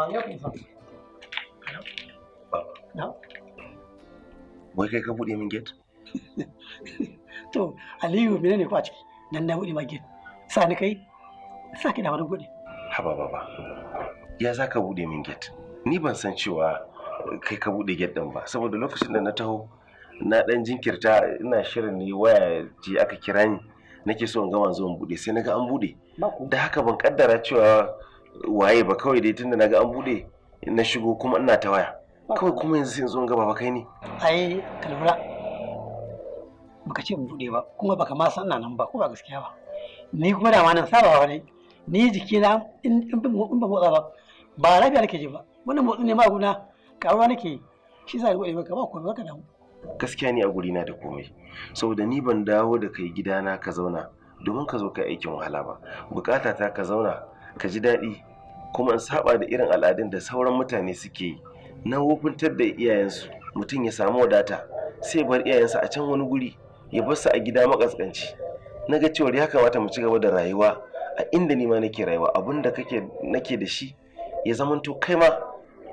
Mariya kun Wai kai ka buɗe min get? To, Aliyu mene ne ko Nan na buɗe ma Sa ni kai? Sa ki da wani Haba baba. Ya za ka buɗe min get? Ni ban san cewa kai ka buɗe get din ba, saboda lokacin da na taho na ɗan jinkirta ina shirin ne waya je aka kira ni nake so in ga wanzo in buɗe sai naga an buɗe. Da haka ban kaddara cewa waye ba kawai dai tunda naga an bude na shigo kuma ina ta waya kawai kuma yanzu sai zo in ga baba kai ne ai kalmura baka ce in bude ba kuma baka ma san nan ba ko ba gaskiya ba ni kuma da ma nan saba ne ni jikina in in ba motsa ba ba lafiya nake ji ba wannan motsi ne ma guna karuwa nake shi sa gode ka ba komai baka damu gaskiya ne a guri na da komai saboda ni ban dawo da kai gidana ka zauna domin ka zo ka aikin wahala ba bukata ta ka zauna ka ji daɗi kuma in saba da irin al'adun da sauran mutane suke yi na wofintar da iyayensu mutum ya samu wadata sai bar iyayensa a can wani guri ya bar su a gida makaskanci na ga cewar ya kamata mu ci gaba da rayuwa a inda ni ma nake rayuwa abun da kake nake da shi ya zamanto kai ma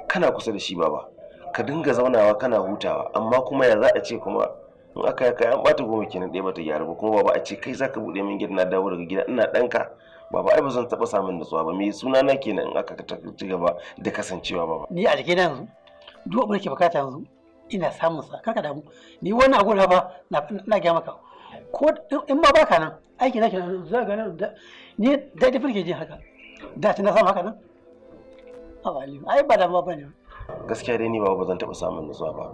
kana kusa da shi baba ka dinga zaunawa kana hutawa amma kuma ya za a ce kuma in aka yaka an bata goma kenan ɗaya bata gyara ba kuma baba a ce kai zaka buɗe min gida na dawo daga gida ina ɗanka baba ai ba zan taɓa samun nutsuwa ba me suna na kenan in aka ci gaba da kasancewa ba. ni a cikin yanzu duk abin da ke bukata yanzu ina samun sa kaka damu ni wani abu na ba na ga maka ko in ba baka nan aiki na kenan za ga nan ni da da firke jin haka da tana samu haka nan a bali ai ba da ma bane gaskiya dai ni ba zan taɓa samun nutsuwa ba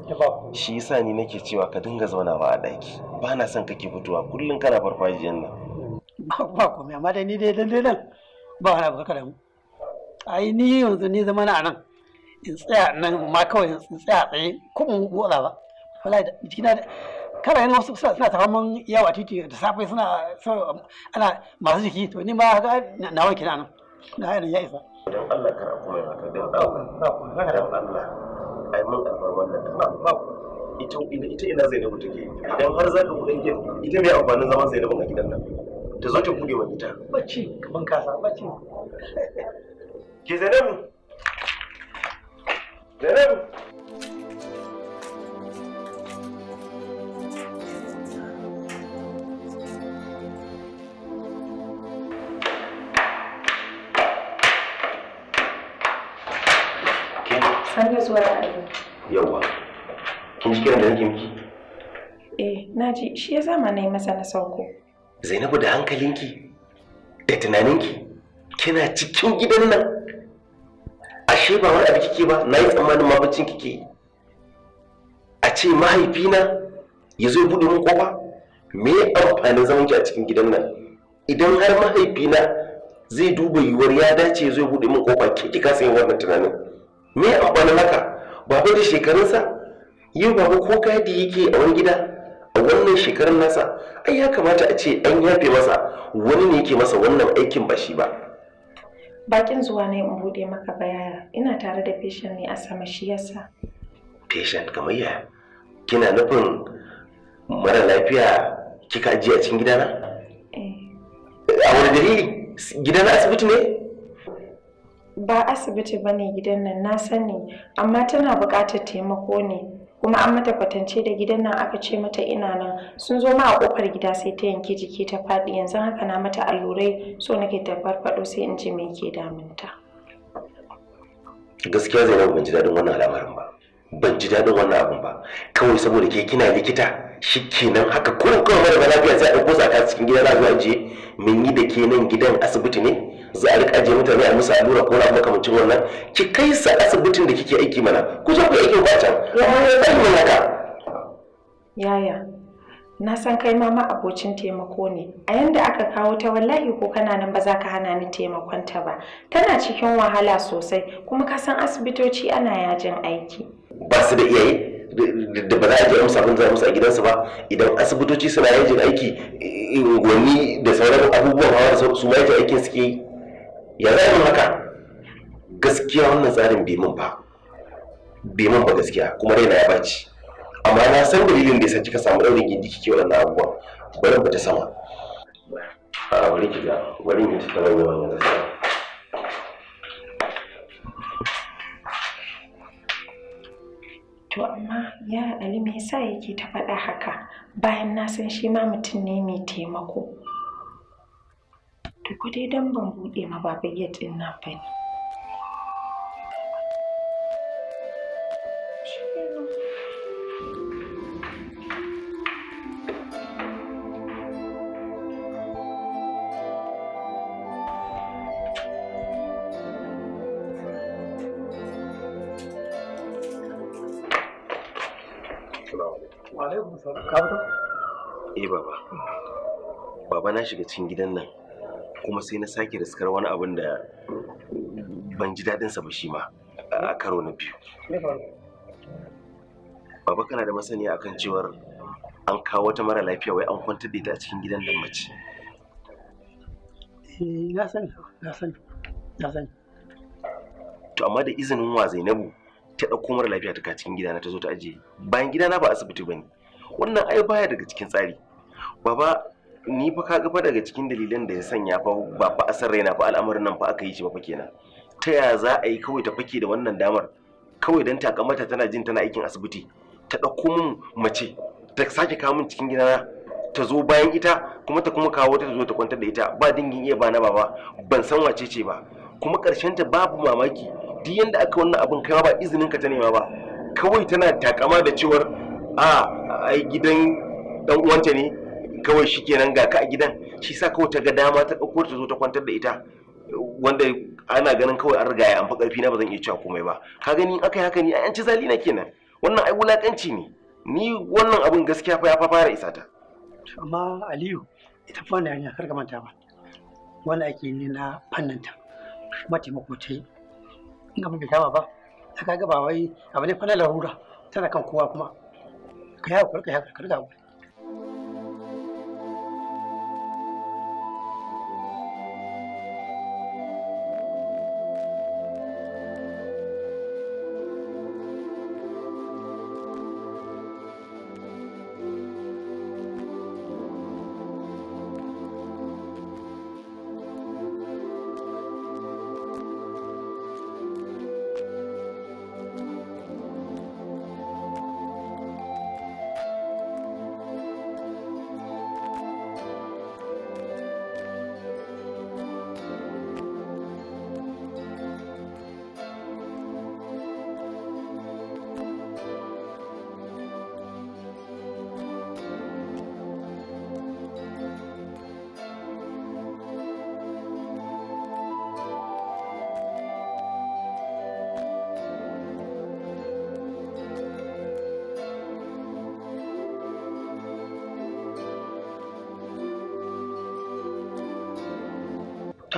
shi yasa ni nake cewa ka dinga zaunawa a daki, ba na son kake fitowa kullum kana farfajiyan nan ba komai amma dai ni dai dan nan ba wani abu kada mu ai ni yanzu ni zama na nan in tsaya nan ma kawai in tsaya tsaye ko mu motsa ba wallahi jikina da kana yana wasu suna ta faman yawa titi da safe suna ana masu jiki to ni ma ga na wanke nan na hayan ya isa dan Allah kar kuma ya ka dan Allah dan Allah ai mun wannan ba ba ita ina ita ina Zainabu take idan har zaka kudin gidan ita bai amfanin zaman Zainabu a gidan nan ta zo ta bude wa ita bacci kaman kasa bacci ke zainabu zainabu Sanya zuwa Yawwa, kin ji kiran da nake miki? Eh, na ji shi ya zama na yi masa na sauko. Zainabu da hankalinki da tunaninki kina cikin gidan nan ashe ba wani abu kike ba na yi tsammanin mabacin kike yi a ce mahaifina ya zo buɗe mun kofa me amfanin zaman ki a cikin gidan nan idan har mahaifina zai duba yiwuwar ya dace zai buɗe mun kofa ke ki kasa yin wannan tunanin me amfanin haka baba da shekarunsa yau baba ko gadi yake a wani gida a wannan shekarun nasa ai ya kamata a ce an yafe masa wani ne yake masa wannan aikin ba shi ba bakin zuwa ne in bude maka bayaya ina tare da patient ne a sama shi yasa patient kamar yaya kina nufin mara lafiya kika ajiye a cikin gidana eh. a wani dalili gidana asibiti ne ba asibiti ba ne gidan nan na sani amma tana buƙatar taimako ne kuma an mata kwatance da gidan nan aka ce mata ina nan sun zo ma a kofar gida sai ta yanke jiki ta faɗi yanzu haka na mata allurai so nake ta farfaɗo sai in ji me yake damunta gaskiya na ban ji daɗin wannan al'amarin ba ban ji daɗin wannan abun ba kawai saboda ke kina likita shi kenan haka kurin kawai mara lafiya sai a ɗauko sa cikin gida na zuwa je mun yi da ke nan gidan asibiti ne za a rika ajiye mutane a musa allura ko na makamancin wannan ki kai sa asibitin da kike aiki mana ku je ku aiki ba can ya haka yaya na san kai ma abocin taimako ne a yanda aka kawo ta wallahi ko kana nan ba za ka hana ni taimakon ta ba tana cikin wahala sosai kuma ka san asibitoci ana yajin aiki ba su da iyaye da ba za a je musu abin za musu a gidansu ba idan asibitoci suna yajin aiki eh, gwani da sauran abubuwan hawa su ma yajin aikin suke yi ya zai mun haka gaskiya wannan tsarin bai mun ba bai mun ba gaskiya kuma raina ya baci amma na san dalilin da ya yasa ka samu daurin gindi kike waɗannan abubuwan bari ba ta sama a bari ki ga bari ki ta rayuwa wannan gaskiya To amma ya Ali me yasa yake ta faɗa haka bayan na san shi ma mutum ne mai taimako. to ko dai dan ban buɗe ma ba ɗin nan ba ne Ka fito? Eh baba. Baba na shiga cikin gidan nan kuma sai na sake riskar wani abin da ban ji daɗinsa ba shi ma a karo na biyu baba kana da masaniya akan cewar an kawo wata mara lafiya wai an kwantar da ita a cikin gidan nan mace eh, na sani na sani na sani to amma da izinin wa zainabu ta ɗauko mara lafiya ta cikin gidana ta zo ta ajiye bayan gidana ba asibiti ba ne wannan ai baya daga cikin tsari baba ni fa ka fa daga cikin dalilan da ya sanya fa ba fa asar raina fa al'amarin nan fa aka yi shi ba fa kenan ta ya za a yi kawai ta fake da wannan damar kawai dan takamata tana jin tana aikin asibiti ta ɗauko min mace ta sake kawo min cikin gidana ta zo bayan ita kuma ta kuma kawo ta zo ta kwantar da ita ba dingin iya ba na baba ban san wace ce ba kuma karshen ta babu mamaki duk yanda aka wannan abin kai ba izinin ka ta nema ba kawai tana takama da cewar a ah, ai gidan dan uwanta ne kawai shi kenan ga ka a gidan shi sa kawai ta ga dama ta ɗauko ta zo ta kwantar da ita wanda ana ganin kawai an riga ya amfa ƙarfi na ba zan iya cewa komai ba ka gani aka yi haka ni an ci zali na kenan wannan ai wulaƙanci ne ni wannan abin gaskiya fa ya fa fara isa ta amma aliyu ita fa wannan yarinya kar ka manta ba wani ake ne na fannin ta kuma taimako ta yi in ga muke kama ba ta ga ba wai abu ne fa na larura tana kan kowa kuma ka yi hakuri ka yi hakuri ka riga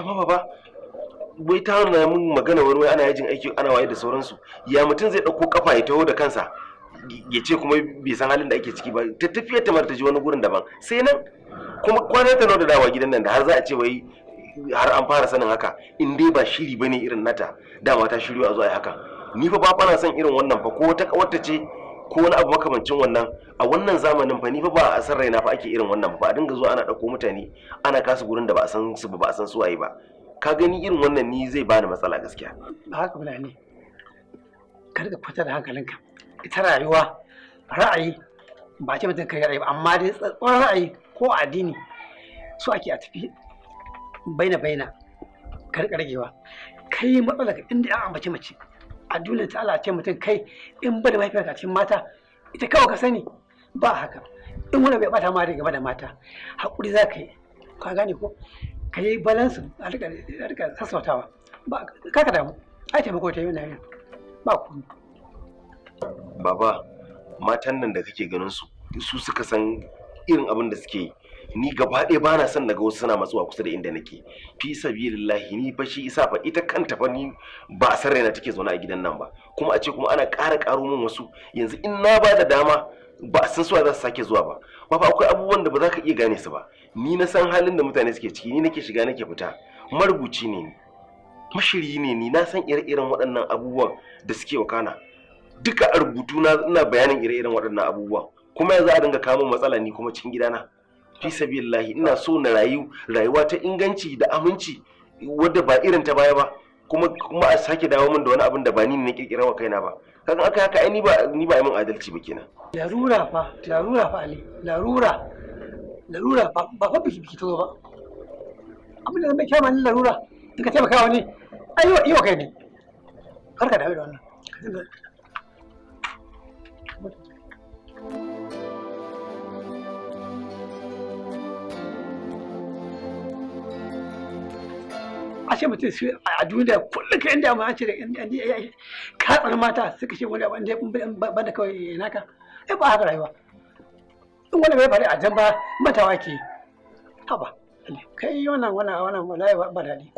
mama ba wai ta na mun magana wani wai ana yajin aiki ana waye da sauransu ya mutum zai ɗauko kafa ya taho da kansa ya ce kuma bai san halin da ake ciki ba ta tafiya ta mara ta ji wani gurin daban sai nan kuma kwana ta da dawa gidan nan da har za a ce wai har an fara sanin haka in dai ba shiri bane irin nata dama ta shiryo a zuwa haka ni fa ba na son irin wannan fa ko wata wata ce ko wani abu makamancin wannan a wannan zamanin fa ni fa ba a san raina fa ake irin wannan ba a dinga zuwa ana ɗauko mutane ana kasa gurin da ba a san su ba a san su waye ba ka gani irin wannan ni zai bani matsala gaskiya ba haka bala ne kar ka fita da hankalinka ita rayuwa ra'ayi ba ce mutum kai ra'ayi ba amma dai tsatsuwar ra'ayi ko addini su ake a tafi baina baina ka ragewa kai matsalar inda an ambaci mace a dole ta ce mutum kai in ba da mahaifiyarka cikin mata ita kawai ka sani ba haka in wani bai bata ma gaba mata hakuri za ka yi ka gane ko ka yi balansu a rika sassautawa ba ka ka damu ai taimako ta yi na, ba ku baba matan nan da kake ganin su su suka san irin abin da suke yi ni gaba ɗaya ba na son na ga wasu suna matsuwa kusa da inda nake fi sabilillahi ni fa shi isa fa ita kanta fa ni ba san raina take zaune a gidan nan ba kuma a ce kuma ana ƙara ƙaro min wasu yanzu in na ba da dama ba san suwa za su sake zuwa ba ba fa akwai abubuwan da ba za ka iya gane su ba ni na san halin da mutane suke ciki ni nake shiga nake fita marubuci ne ni mashiri ne ni na san ire-iren waɗannan abubuwan da suke wakana duka a rubutu na ina bayanin ire-iren waɗannan abubuwan kuma yanzu a dinga kamo matsala ni kuma cikin gidana fi sabilillahi ina so na rayu rayuwa ta inganci da aminci wadda ba irin ta baya ba kuma kuma a sake dawo min da wani abin da ba ni ne kirkira wa kaina ba kaga aka haka ai ni ba ni ba mun adalci ba kenan larura fa larura fa ali larura larura ba ba fa biki biki to ba abin da mai kama ni larura duka taimaka wani ayo iyo kai ne karka da wannan ashe mutum su a duniya kullum ka inda ma ce da katsar mata suka ce wani wanda ba da kawai naka ai ba haka rayuwa in wani bai faru a jan ba matawa ke haba kai wannan wannan wannan wallahi ba daɗi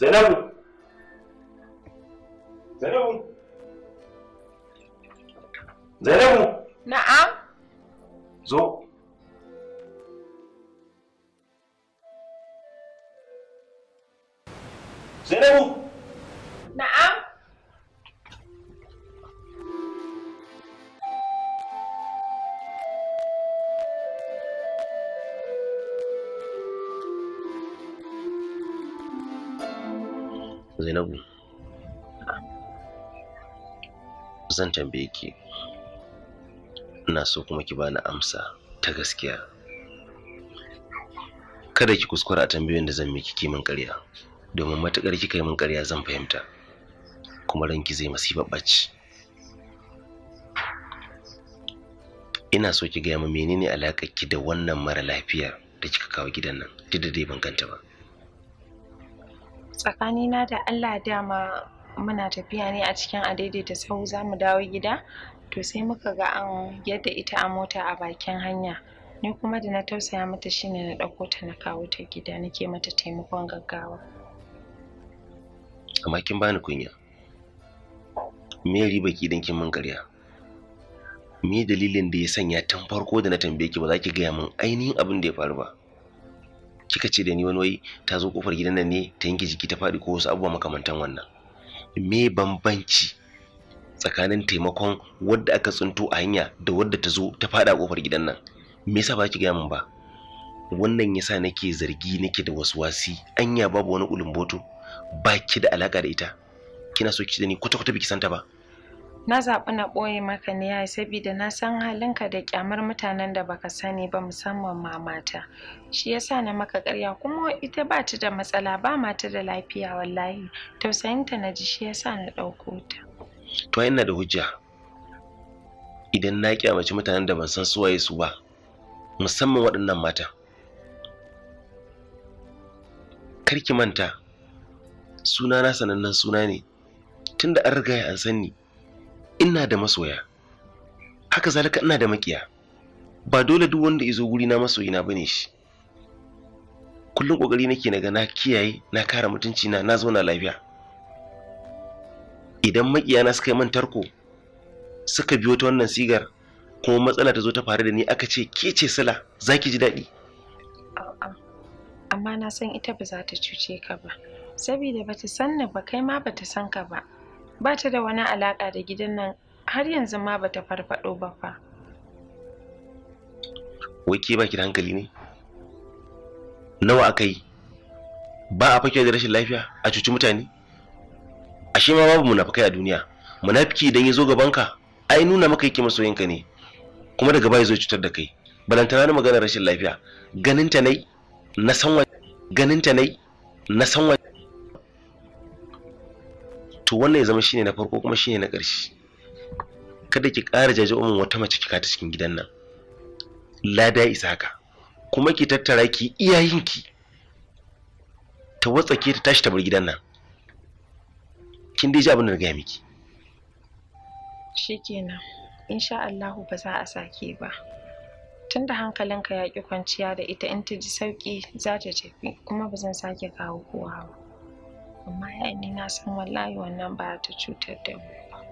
Zainabu. Zainabu. Zainabu. zan tambaye ki ina so kuma ki bani amsa ta gaskiya kada ki kuskura a tambayoyin da zan miki min ƙarya domin matukar kika yi min ƙarya zan fahimta kuma ranki zai masifa ɓaci ina so ki gaya min menene alaƙar ki da wannan mara lafiyar da kika kawo gidan nan duk da dai ban ganta ba tsakanina da Allah dama muna tafiya ne a cikin adaidaita sahu za mu dawo gida to sai muka ga an yadda ita a mota a bakin hanya ni kuma da na tausaya mata shine na ɗauko ta na kawo ta gida nake mata taimakon gaggawa amma kin bani kunya me riba ki dan kin min ƙarya me dalilin da ya sanya tun farko da na tambaye ki ba za ki gaya min ainihin abin da ya faru ba kika ce da ni wani wai ta zo kofar gidan nan ne ta yanke jiki ta faɗi ko wasu abubuwa makamantan wannan me bambanci tsakanin taimakon wadda aka tsinto a hanya da wadda ta zo ta fada kofar gidan nan me yasa ba ki gaya min ba wannan yasa nake zargi nake da waswasi anya babu wani ulumboto ba ki da alaka da ita kina so ki da ni kwata-kwata biki santa ba na zaɓi na ɓoye maka ne yayi saboda na san halinka da ƙyamar mutanen da baka sani ba musamman ma mata shi yasa na maka ƙarya kuma ita ba ta da matsala ba mata da lafiya wallahi tausayinta na ji shi yasa na ɗauko ta to ina da hujja idan na kyamaci mutanen da ban san su waye su ba musamman waɗannan mata karki manta suna na sanannen suna ne tunda an riga an sanni. ina da masoya haka zalika ina da makiya ba dole duk wanda ya zo guri na masoyina bane shi kullum kokari nake naga na kiyaye na kare mutunci na na zauna lafiya idan na suka yi man tarko suka biyo ta wannan sigar kuma matsala ta zo ta faru da ni aka ce ke ce sala za ji daɗi amma na san ita ba za ta cuce ka ba saboda ba ta san ba kai ma ba ta san ka ba ba ta da wani alaƙa da gidan nan har yanzu ma ba ta farfaɗo ba fa. Wai ke ba ki da hankali ne? Nawa aka yi? Ba a fake da rashin lafiya a cuci mutane? Ashe ma babu munafukai a duniya. Munafiki idan ya zo gabanka, ai nuna maka yake masoyinka ne. Kuma daga baya zo cutar da kai. Balantana na maganar rashin lafiya. Ganin ta nai na san ganin ta nai na san to wannan ya zama shine na farko kuma shine na ƙarshe kada ki ƙara jaje umin wata mace kika ta cikin gidan nan lada isa haka kuma ki tattara ki iyayenki ta watsake ta tashi ta bar gidan nan kin dai ji abin da na gaya miki shikenan insha Allahu ba za a sake ba tunda hankalinka ya ki kwanciya da ita in ta ji sauki za ta tafi kuma ba zan sake kawo kowa ba amma ya'yan ni na san wallahi wannan ba ta cutar da mu ba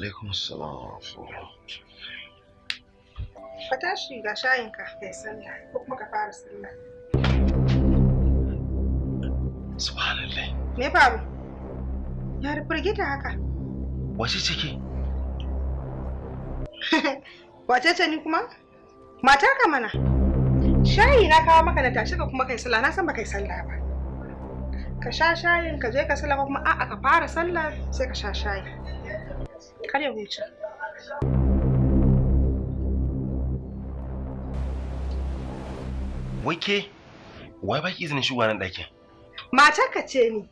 alaikum assalam wa ka tashi ga shayin kai sallah ko kuma ka fara sallah ya haka wace wace ce ni kuma ka mana shayi na kawo maka na tashi ka kuma kai sallah ka sha shayin ka je ka sallah kuma a'a ka fara sallah sai ka sha shayi kar ya huce wai wai baki izinin shigowa nan ɗakin matarka ce ni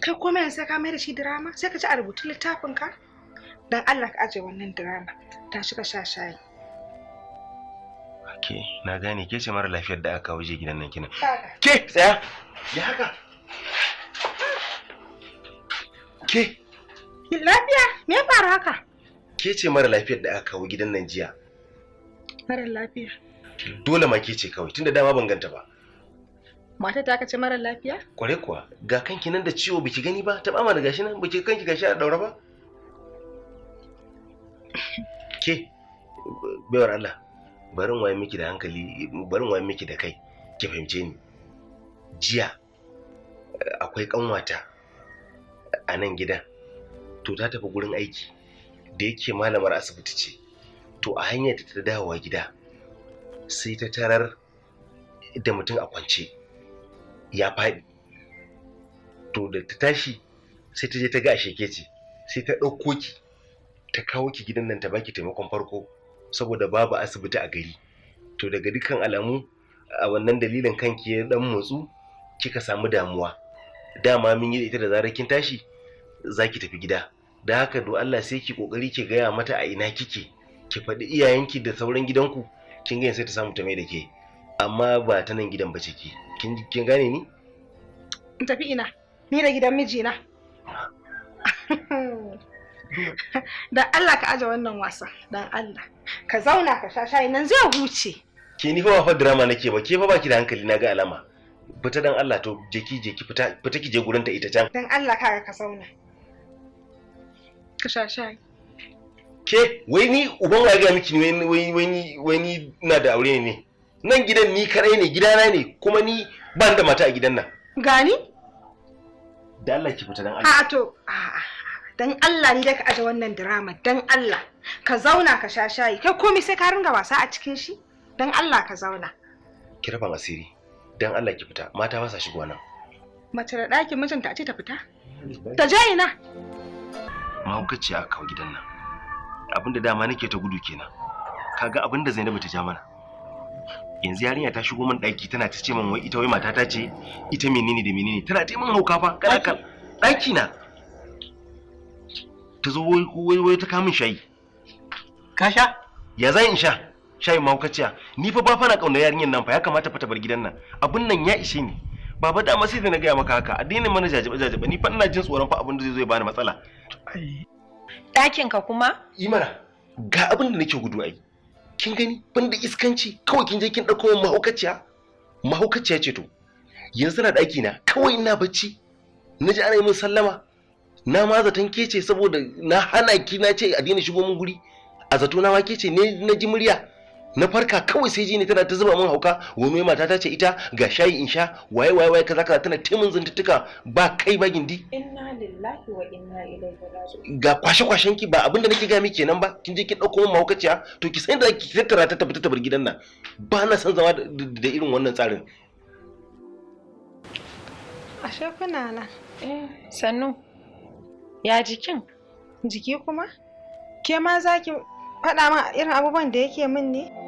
kai kuma yanzu ka mai da shi drama sai ka ci a rubutu littafin ka dan Allah ka aje wannan drama. ta shiga sha shayi ke na gane ke ce mara lafiyar da aka waje gidan nan kina ke tsaya ya haka ke Lafiya, me ya faru haka? Ke ce mara lafiyar da aka kawo gidan nan jiya. Mara lafiya. Dole ma ke ce kawai tunda dama ban ganta ba. Mata ta kace mara lafiya? Kware kuwa, ga kanki nan da ciwo biki gani ba, ta bama da gashi nan biki kanki gashi a daura ba. Ke baiwar Allah, barin waye miki da hankali, barin waye miki da kai. Ki fahimce ni. Jiya eh, akwai kanwata a nan gidan to ta tafi gurin aiki da yake malamar asibiti ce to a hanyar da ta dawowa gida sai ta tarar da mutum a kwance ya faɗi to da ta tashi sai ta je ta ga sheke ce sai ta ɗauko ki ta kawo ki gidan nan ta baki taimakon farko saboda babu asibiti a gari to daga dukkan alamu a wannan dalilin kanki ya dan motsu kika samu damuwa dama mun yi ita da zarar kin tashi za ki tafi gida da haka do Allah sai ki kokari ki gaya mata a ina kike ki faɗi iyayenki da sauran gidanku kin ga sai ta samu ta mai da ke amma ba ta nan gidan bace ce ki kin gane ni in tafi ina ni da gidan mijina dan Allah ka aje wannan wasa dan Allah ka zauna ka sha shayi nan zai huce ke ni fa ba drama nake ba ke fa baki da hankali na ga alama fita dan Allah to je ki je ki fita fita ki je gurin ta ita can dan Allah ka ka zauna ka sha shayi ke wai ni uban wa ga miki wani wani wani na da aure ne nan gidan ni kadai ne gidana ne kuma ni ban da mata a gidan nan gani da Allah ki fita dan Allah a to dan Allah ni da ka aje wannan drama dan Allah ka zauna ka sha shayi kai komai sai ka ringa wasa a cikin shi dan Allah ka zauna ki raba asiri dan Allah ki fita mata ba sa shigowa nan mace da ɗakin mijinta a ce ta fita ta je ina mahaukaci a kawo gidan nan abinda da dama nake ta gudu kenan kaga abin da zainabu ta ja mana yanzu yarinya ta shigo min ɗaki tana ta ce min wai ita wai matata ce ita menene da menene tana ta min hauka fa kana kan ɗaki na ta zo wai wai ta kamun shayi ka sha ya zan in sha shayin mahaukaciya ni fa ba fa na ƙaunar yarinyar nan fa ya kamata fa ta bar gidan nan abin nan ya ishe ni baba dama sai da na gaya maka haka addinin mana jajiba jajiba ni fa ina jin tsoron fa abin da zai zo ya bani matsala ai ɗakin ka kuma mana ga abin da nake gudu ai kin gani ban da iskanci kawai kin je kin ɗauko mahaukaciya mahaukaciya ce to yanzu na ɗaki na kawai ina bacci na ji ana yi min sallama na ma zaton kece saboda na hana ki na ce a daina shigo min guri a zato na ma ke ne na ji murya na farka kawai sai jini tana ta zuba min hauka wani mata ta ce ita ga shayi in sha waye waye waye kaza kaza tana taimun zantuttuka ba kai ba gindi inna lillahi wa inna ilaihi raji'un ga kwashe kwashen ki ba abinda nake ga miki kenan ba kin je ki dauko min mahaukaciya to ki san da ki tattara ta tafi ta bar gidan nan ba na san zama da irin wannan tsarin ashe kuna nan eh sannu ya jikin jiki kuma ke ma zaki faɗa min irin abubuwan da yake min ne